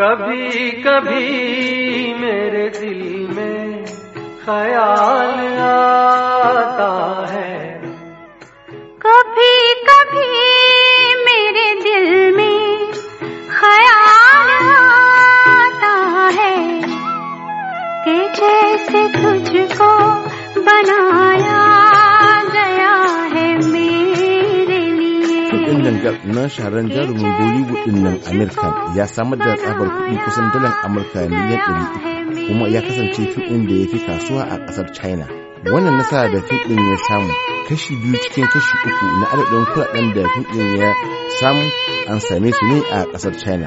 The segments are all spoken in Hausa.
कभी कभी मेरे दिल में ख्याल आता है कभी कभी मेरे दिल में ख्याल आता है कि जैसे तुझको ɗin nan na sharan jarumin Bollywood ɗin nan Amerika ya samar da tsabar kuɗi kusan dalar Amurka miliyan ɗari kuma ya kasance fim da ya fi kasuwa a ƙasar China. Wannan nasara da fim ɗin ya samu kashi biyu cikin kashi uku na adadin kuɗaɗen da fim ya samu an same su ne a ƙasar China.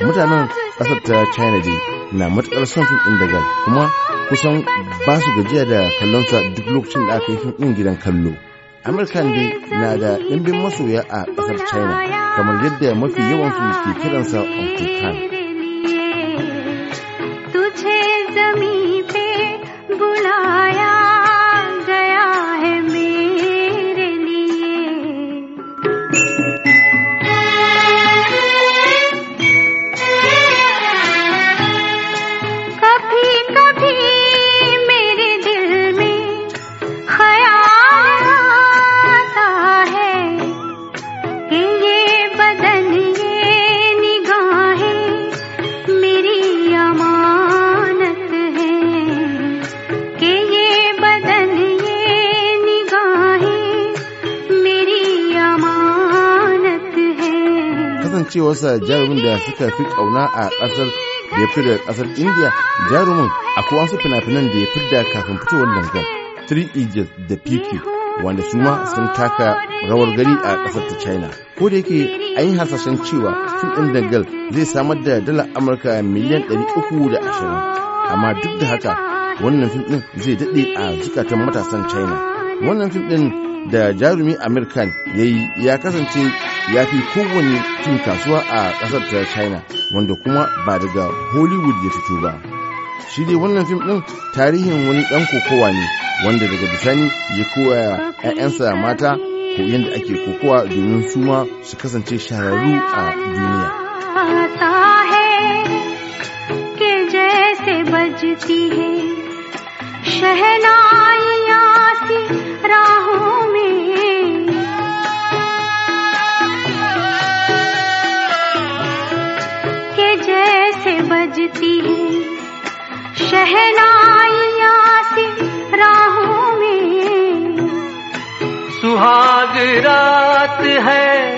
Mutanen ƙasar ta China dai na matuƙar son fim ɗin daga kuma kusan ba su gajiya da kallonsa duk lokacin da aka yi fim gidan kallo. Amurka ne na da ɗimbin masoya a ƙasar china kamar yadda mafi yawan ke kiransa uncle kasancewarsa jarumin da suka fi ƙauna a ƙasar da ya fito da ƙasar indiya jarumin akwai wasu fina-finan da ya fi da kafin fitowar dangar three idiots da pq wanda su ma sun taka rawar gari a ƙasar ta china ko da yake an yi hasashen cewa fim ɗin dangal zai samar da dala amurka miliyan 320 amma duk da haka wannan fim ɗin zai daɗe a zukatan matasan china wannan fim ɗin da jarumi american ya yi ya kasance ya fi kowane fim kasuwa a ƙasar ta china wanda kuma ba daga hollywood ya fito ba shi dai wannan fim ɗin tarihin wani ɗan kokowa ne wanda daga bisani ya koya 'ya'yansa mata ko yadda ake kokowa domin su su kasance shahararru a duniya शहना कैसे बजती है शहनाइया से राहों में सुहाग रात है